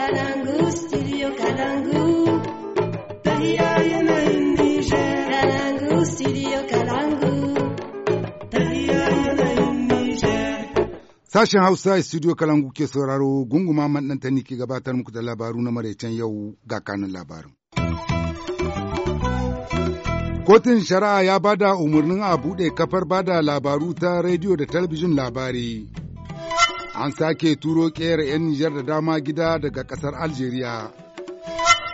Kalangu, Sashen Hausa studio Kalangu ke sauraro gunguma maɗanta ne ke gabatar muku da labaru na maraicen yau ga kanin labarin. Kotun shari'a ya bada umarnin a buɗe kafar bada labaru ta rediyo da talabijin labari. An sake turo ƙera 'yan Nijar da dama gida daga ƙasar Algeria.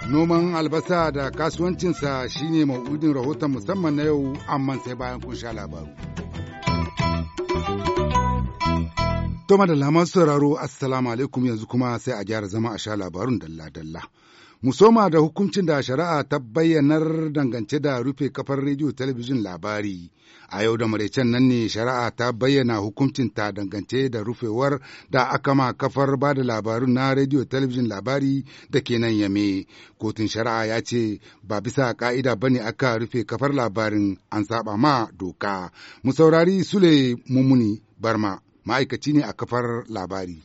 Noman albasa da kasuwancinsa shine ma'udin rahoton musamman na yau amma sai bayan kun sha labaru. Toma da lamar sauraro, Assalamu alaikum yanzu kuma sai a gyara zama a sha labarun dalla-dalla. Musoma da hukuncin da shari'a ta bayyanar dangance da rufe kafar rediyo talabijin labari. A yau da maraicen nan ne shari'a ta bayyana hukuncin ta dangance da rufewar da aka ma kafar ba da labarun na rediyo talabijin labari da ke nan yame. Kotun shari'a ya ce ba bisa ka'ida ba ne aka rufe kafar labarin an saba ma doka. musaurari saurari Sule Mumuni Barma ma'aikaci ne a kafar labari.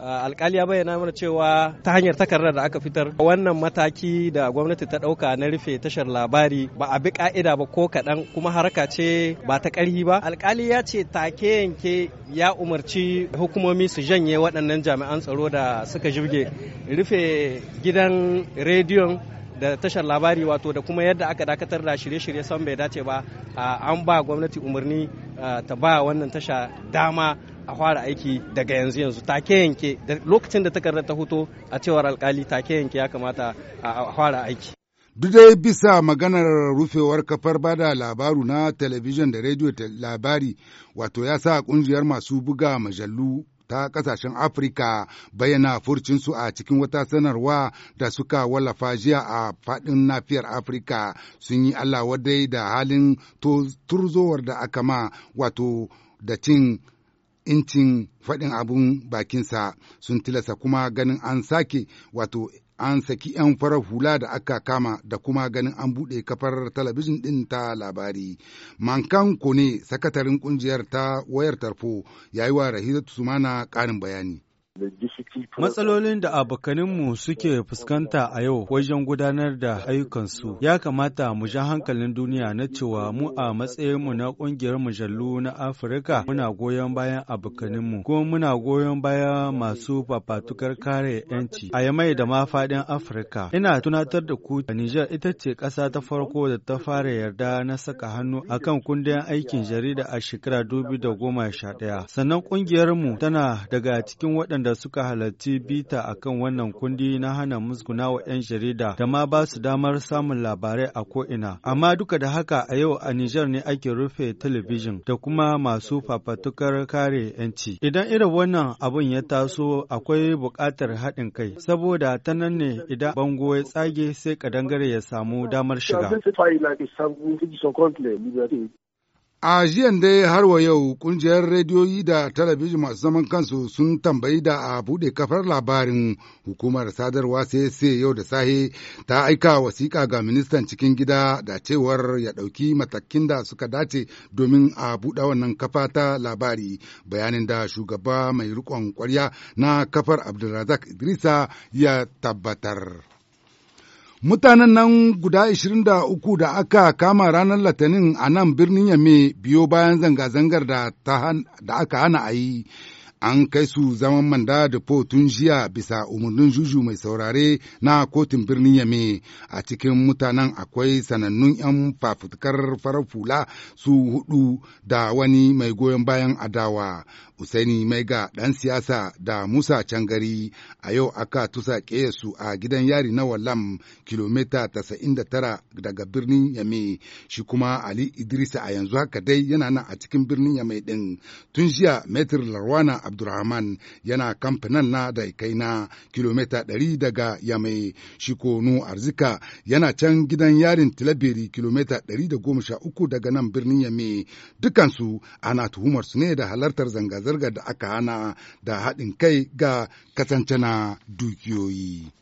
Ah, alkali ya bayyana mana cewa ta hanyar takardar da aka fitar wannan mataki da gwamnati ta dauka na rufe tashar labari ba a bi ka'ida ba ko kaɗan kuma haraka ce ba ta ƙarhi ba alkali ya ce take yanke ya umarci hukumomi su janye waɗannan jami'an tsaro da suka jirge rufe gidan rediyon da tashar labari wato da kuma yadda aka dakatar da shirye-shirye san bai dace ba ah, an ba gwamnati umarni ah, ta ba wannan tasha dama a fara aiki daga yanzu yanzu take yanke lokacin da takardar ta huto a cewar alkali take yanke ya kamata a fara aiki duk dai bisa maganar rufewar kafar bada labaru na talabijin da rediyo labari wato ya sa kungiyar masu buga majallu ta kasashen afirka bayyana furcinsu a cikin wata sanarwa da suka wallafa jiya a fadin nafiyar afirka sun yi allah wadai da halin turzowar da aka ma wato da cin incin faɗin abun bakinsa sun tilasa kuma ganin an sake wato an saki 'yan farar hula da aka kama da kuma ganin an buɗe kafar talabijin ɗin ta labari. Mankan Kone, sakatarin ƙungiyar ta wayar tarfo, yayi wa Rahilatu Sumana ƙarin bayani. Matsalolin da abokaninmu suke fuskanta a yau wajen gudanar da ayyukansu ya kamata mu ja hankalin duniya na cewa mu a matsayinmu na ƙungiyar mujallu na Afirka muna goyon bayan abokaninmu kuma muna goyon bayan masu fafatukar kare 'yanci a yamai da ma faɗin Afirka. Ina tunatar da ku Nijar ita ce ƙasa ta farko da ta fara yarda na saka hannu akan kundin aikin jarida a shekara goma 2011 sannan ƙungiyarmu tana daga cikin waɗanda waɗanda suka halarci bita a kan wannan kundi na hana musguna wa 'yan jarida da ma ba su damar samun labarai a ko'ina. Amma duka da haka a yau a Nijar ne ake rufe talabijin da kuma masu fafatukar kare 'yanci. Idan irin wannan abun ya taso akwai buƙatar haɗin kai, saboda ta nan ne idan bango ya tsage sai kadangare ya samu damar shiga. A jiyan dai har wa yau kungiyar rediyoyi da talabijin masu zaman kansu sun tambayi da a buɗe kafar labarin hukumar sadarwa sai yau da sahe ta aika wasiƙa ga ministan cikin gida da cewar ya ɗauki matakin da suka dace domin a buɗe wannan kafa ta labari bayanin da shugaba mai riƙon ƙwarya na kafar Abdulrazak Idrisa ya tabbatar. Mutanen nan guda 23 da aka kama ranar latanin a nan birnin yame biyo bayan zanga-zangar da, aka hana a yi, an kai su zaman manda da tun jiya bisa umarnin juju mai saurare na kotun birnin yame A cikin mutanen akwai sanannun 'yan fafutukar farar fula su hudu da wani mai goyon bayan adawa. Usaini Maiga ɗan siyasa da Musa Cangari a yau aka tusa su a gidan yari na Wallam kilomita 99 daga birnin Yame shi kuma Ali Idrisa a yanzu haka dai yana nan a cikin birnin Yame ɗin. Tun jiya Metir Larwana Abdulrahman yana kamfanin na da kai na kilomita 100 daga Yame shi nu Arzika yana can gidan yarin Tilaberi kilomita 113 daga nan birnin Yame dukansu ana tuhumar su ne da halartar zanga-zanga zirga zirgar da aka hana da haɗin kai ga kasancana dukiyoyi.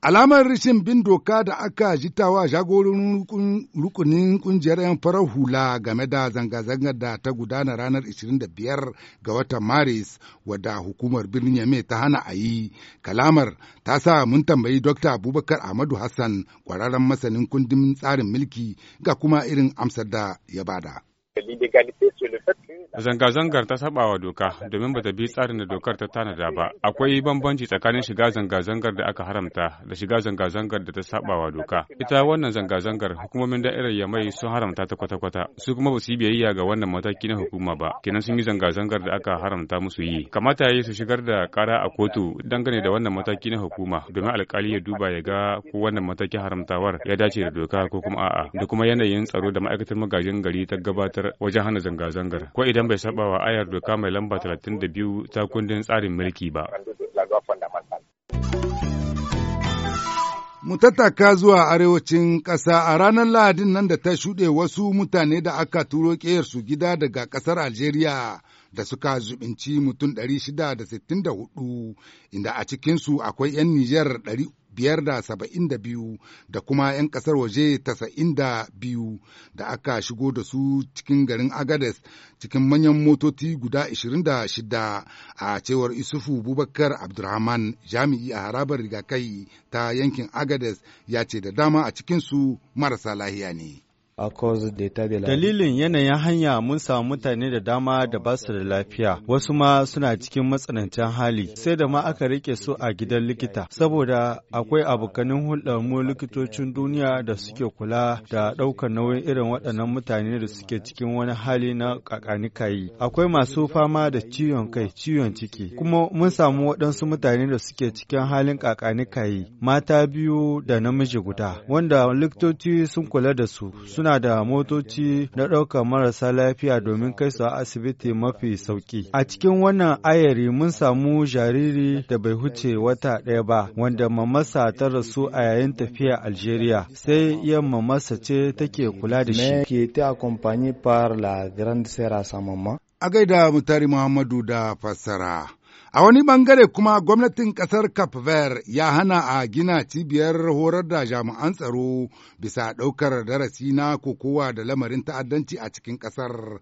Alamar rishin bin doka da aka jitawa jagorin rukunin kungiyar 'yan farar hula game da zanga-zangar da ta gudana ranar 25 ga watan Maris wadda hukumar birnin Yame ta hana a yi. Kalamar ta sa mun tambayi Dr. Abubakar Ahmadu Hassan kwararren masanin kundin tsarin mulki ga kuma irin amsar da ya bada. Zanga-zangar ta saba wa doka domin bata bi tsarin da dokar ta tanada ba. Akwai bambanci tsakanin shiga zanga-zangar da aka haramta da shiga zanga-zangar da ta saba wa doka. Ita wannan zanga-zangar hukumomin da'irar Yamai sun haramta ta kwata-kwata. Su kuma ba su yi biyayya ga wannan mataki na hukuma ba. kinan sun yi zanga-zangar da aka haramta musu yi. Kamata ya yi su shigar da kara a kotu dangane da wannan mataki na hukuma domin alkali ya duba ya ga ko wannan matakin haramtawar ya dace da doka ko kuma a'a da kuma yanayin tsaro da ma'aikatar magajin gari ta gabatar wajen hana zanga-zangar ko idan bai saba wa ayar doka mai lamba 32 ta kundin tsarin mulki ba. Mu tattaka zuwa arewacin ƙasa a ranar Lahadin nan da ta shuɗe wasu mutane da aka turo su gida daga ƙasar Algeria da suka zubinci mutum 664 inda a cikinsu akwai 'yan Nijar biyar da saba'in da biyu da kuma 'yan kasar waje tasa'in da biyu da aka shigo da su cikin garin Agades cikin manyan motoci guda ishirin da shida a cewar Isufu Bubakar Abdurrahman jami'i a harabar rigakai ta yankin Agades ya ce da dama a cikinsu marasa lahiya ne. Dalilin yanayin hanya mun samu mutane da dama da ba su da lafiya, wasu ma suna cikin matsanancin hali, sai da ma aka rike su a gidan likita, saboda akwai abokanin hulɗar mu likitocin duniya da suke kula da ɗaukar nauyin irin waɗannan mutane da suke cikin wani hali na kakanikayi. Akwai masu fama da ciwon kai, ciwon ciki, kuma mun samu waɗansu mutane da suke cikin halin kakanikayi, mata biyu da namiji guda, wanda likitoci sun kula da su, suna suna da motoci na ɗaukar marasa lafiya domin kai su a asibiti mafi sauƙi. A cikin wannan ayari mun samu jariri da bai huce wata ɗaya ba wanda mamasa ta rasu a yayin tafiya Algeria sai yan mamasa ce take kula da shi. A gaida Mutari Muhammadu da fassara. A wani bangare kuma gwamnatin ƙasar Cape Verde ya hana a gina cibiyar horar da jami'an tsaro bisa ɗaukar darasi na kokowa da lamarin ta'addanci a cikin ƙasar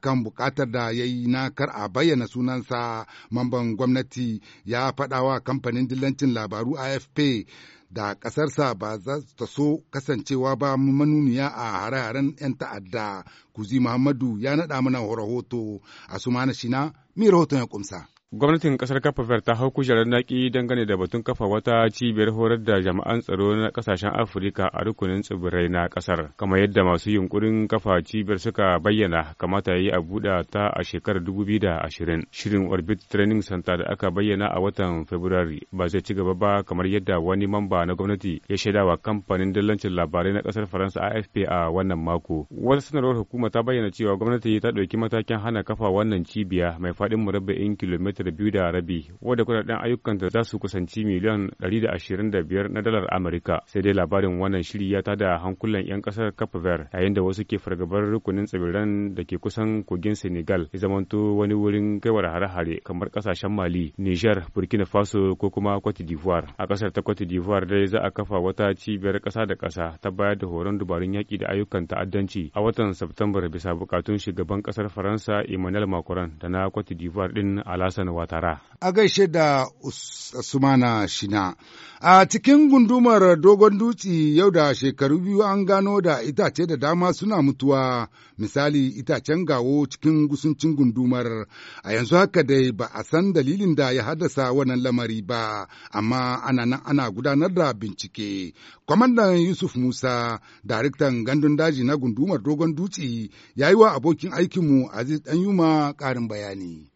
kan bukatar da ya yi na kar a bayyana sunansa mamban gwamnati ya faɗawa kamfanin dillancin labaru AFP da ƙasarsa ba za ta so kasancewa ba manuniya a hare-haren 'yan ta'adda. Kuzi Muhammadu ya naɗa mana rahoto a Sumana Shina, mi rahoton ya kumsa. Gwamnatin kasar Cape Verde ta hau kujerar naki dangane da batun kafa wata cibiyar horar da jama'an tsaro na kasashen Afirka a rukunin tsibirai na kasar. Kama yadda masu yunkurin kafa cibiyar suka bayyana kamata yi a buɗa ta a shekarar biyu 2020. Shirin Orbit Training Center da aka bayyana a watan february ba zai ci gaba ba kamar yadda wani mamba na gwamnati ya shaida wa kamfanin dillancin labarai na kasar Faransa AFP a wannan mako. Wata sanarwar hukuma ta bayyana cewa gwamnati ta ɗauki matakin hana kafa wannan cibiya mai faɗin murabba'in kilomita mitar biyu da rabi wadda kudaden ayyukanta za su kusanci miliyan 125 na dalar Amurka. Sai dai labarin wannan shiri ya tada hankulan 'yan kasar Cape Verde yayin da wasu ke fargabar rukunin tsibiran da ke kusan kogin Senegal ya zamanto wani wurin kaiwar hare-hare kamar kasashen Mali, Niger, Burkina Faso ko kuma Cote d'Ivoire. A kasar ta Cote d'Ivoire dai za a kafa wata cibiyar kasa da kasa ta bayar da horon dubarun yaki da ayyukan ta'addanci a watan Satumbar bisa bukatun shugaban kasar Faransa Emmanuel Macron da na Cote d'Ivoire din Alassane Hassan Watara. A gaishe da Usmana Shina. A cikin gundumar dogon dutse yau da shekaru biyu an gano da itace da dama suna mutuwa misali itacen gawo cikin gusuncin gundumar a yanzu haka dai ba a san dalilin da ya haddasa wannan lamari ba amma ana nan ana gudanar da bincike. Kwamandan Yusuf Musa, daraktan gandun daji na gundumar dogon dutse ya yi wa abokin aikinmu Aziz Danyuma ƙarin bayani.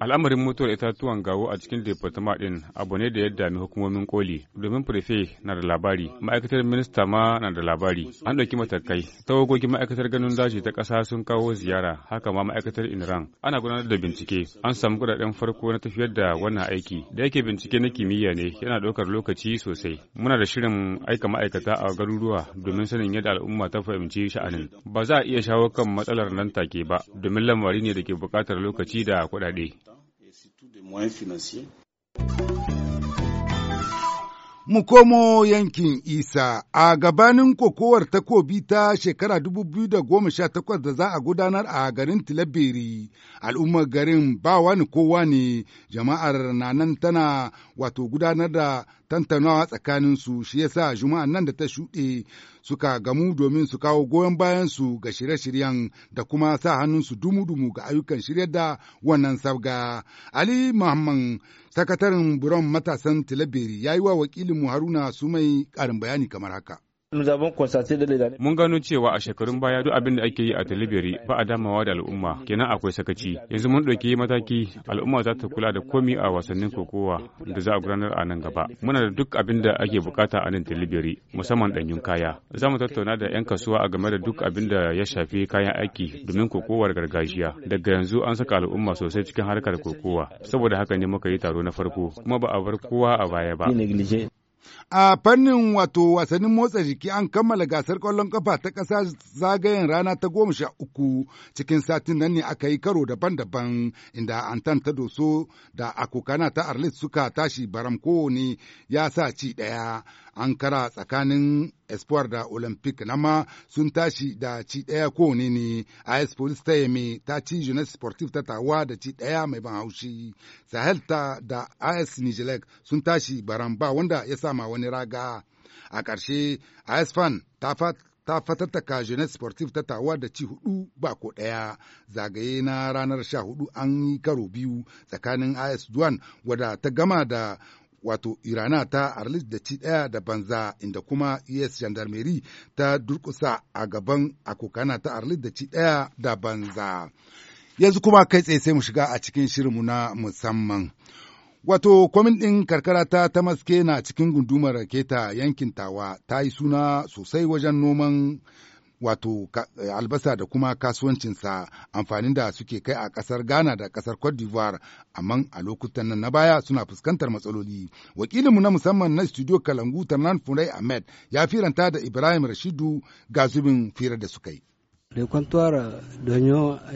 Al'amarin mutuwar itatuwan gawo a cikin departama ɗin abu ne da ya dami hukumomin koli domin prefe na da labari, ma'aikatar minista ma na da labari. An ɗauki matakai, tawagogin ma'aikatar ganin daji ta ƙasa sun kawo ziyara, haka ma ma'aikatar Inran. Ana gudanar da bincike, an samu kuɗaɗen farko na tafiyar da wannan aiki. Da yake bincike na kimiyya ne yana ɗaukar lokaci sosai. Muna da shirin aika ma'aikata a garuruwa domin sanin yadda al'umma ta fahimci sha'anin. Ba za a iya shawo kan matsalar nan take ba, domin lamari ne da ke buƙatar buƙatar lokaci da kuɗaɗe. Mu komo yankin Isa a gabanin kokowar takobi ta shekara 2018 da za a gudanar a garin Tilaberi, al'ummar garin ba wani kowa ne jama'ar na nan tana wato gudanar da tantanawa tsakaninsu shi yasa juma'an nan da ta shuɗe suka gamu domin su kawo goyon bayansu ga shirye-shiryen da kuma sa hannunsu dumu-dumu ga ayyukan shirye da wannan sabga. Ali Muhammad sakataren Buron matasan tilabiri ya yi wa wakilin wakilinmu Haruna Sumai ƙarin bayani kamar haka. Mun gano cewa a shekarun baya duk abin da ake yi a Talibiri ba a damawa da al'umma, kenan akwai sakaci. Yanzu mun ɗauki mataki al'umma za ta kula da komi a wasannin kokowa da za a gudanar a nan gaba. Muna da duk abin da ake bukata a nan Talibiri, musamman ɗanyun kaya. Za mu tattauna da 'yan kasuwa a game da duk abin da ya shafi kayan aiki domin kokowar gargajiya. Daga yanzu an saka al'umma sosai cikin harkar kokowa, saboda haka ne muka yi taro na farko, kuma ba a bar kowa a baya ba. A fannin wato wasannin motsa jiki an kammala gasar ƙwallon ƙafa ta ƙasa zagayen rana ta goma sha uku cikin satin nan ne aka yi karo daban-daban inda Antan ta doso da akokana ta Arlit suka tashi baram kowane ya sa ci ɗaya. ankara tsakanin espoir da olympic nama sun tashi da ci ɗaya kowane ne a police ta yame ta ci jeunesse sportive ta tawa da ci ɗaya mai ban haushi sahel ta da as nijelek sun tashi baran ba wanda ya sama wani raga a ƙarshe as fan ta ta fatattaka jeunesse sportive ta tawa da ci hudu ba ko ɗaya zagaye na ranar sha hudu an yi karo biyu tsakanin as duan wadda ta gama da wato irana ta arlis da ci ɗaya da banza inda kuma us gendarmerie ta durkusa a gaban akokana ta arlis da ci ɗaya da banza yanzu kuma kai tsaye sai mu shiga a cikin shirinmu na musamman Wato, kwamin ɗin karkara ta Tamaske na cikin gundumar Keta yankin Tawa ta yi suna sosai wajen noman wato eh, albasa da kuma kasuwancinsa amfanin da suke kai a ƙasar Ghana da ƙasar Cote d'Ivoire amma a lokutan nan na baya suna fuskantar matsaloli. Wakilinmu na musamman na studio Kalangu Tarnan Furai Ahmed ya firanta da Ibrahim Rashidu ga zubin firar da suka yi.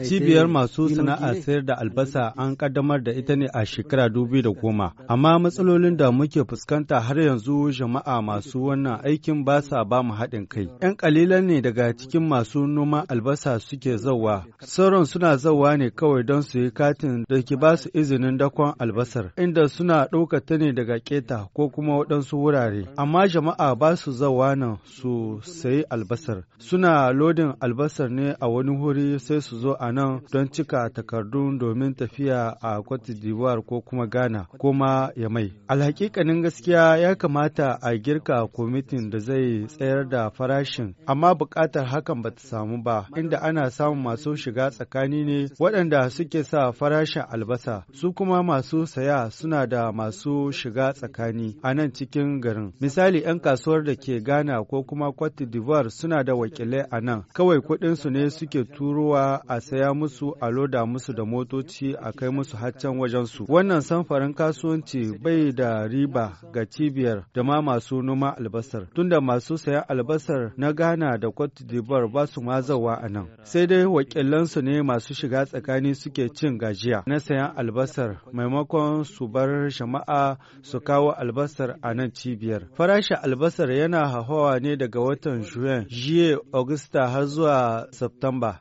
Cibiyar masu sana'a sayar da albasa an kaddamar da ita ne a shekara da goma, amma matsalolin da muke fuskanta har yanzu jama'a masu wannan aikin ba sa ba mu haɗin kai. 'Yan ƙalilan ne daga cikin masu noma albasa suke zauwa. sauran suna zawa ne kawai don su yi katin da ke ba su izinin dakon albasar, inda suna ɗauka ta ne daga keta ko kuma waɗansu wurare. Amma jama'a ba su zawa nan su sayi albasar, suna lodin albasar Masar ne a wani wuri sai su zo a nan don cika takardun domin tafiya a Cote d'Ivoire ko kuma Ghana ko ma Yamai. Alhakikanin gaskiya ya kamata a girka kwamitin da zai tsayar da farashin, amma buƙatar hakan ba ta samu ba, inda ana samun masu shiga tsakani ne waɗanda suke sa farashin albasa, su kuma masu saya suna da masu shiga tsakani a nan cikin garin. Misali 'yan kasuwar da ke Ghana ko kuma Cote d'Ivoire suna da wakilai a nan, kawai kuɗin su ne suke turowa a saya musu a loda musu da motoci a kai musu haccan wajensu. Wannan samfarin kasuwanci bai da riba ga cibiyar da ma masu noma albasar. Tunda masu sayan albasar na Ghana da Cote d'Ivoire ba su mazawa a nan. Sai dai wakilansu ne masu shiga tsakani suke cin gajiya na sayan albasar maimakon su bar jama'a su kawo albasar a nan cibiyar. Farashin albasar yana hahawa ne daga watan juin Jiye, Augusta har zuwa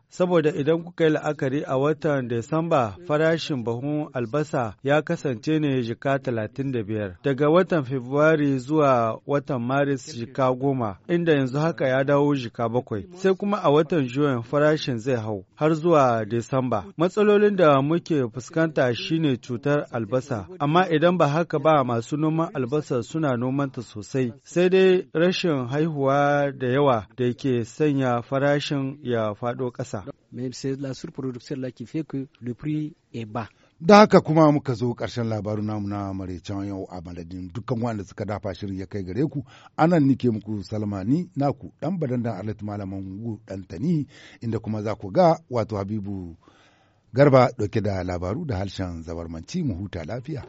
saboda idan kuka yi la'akari a watan Desamba farashin buhun albasa ya kasance ne jika talatin da biyar, daga watan Fabrairu zuwa watan Maris jika goma, inda yanzu haka ya dawo jika bakwai, sai kuma a watan Juyin farashin zai hau har zuwa Desamba. Matsalolin da muke fuskanta shine cutar albasa, amma idan ba haka ba masu noman albasa suna nomanta sosai, sai dai rashin haihuwa da yawa da ke sanya farashin ya faɗo ƙasa. Da haka kuma muka zo ƙarshen labaru namu na maraicen yau a madadin dukkan wanda suka dafa shirin ya kai gare ku anan nike muku salmani naku dan badandan alat malaman gu dan tani inda kuma za ku ga wato habibu garba dauke da labaru da harshen zabarmanci mu huta lafiya.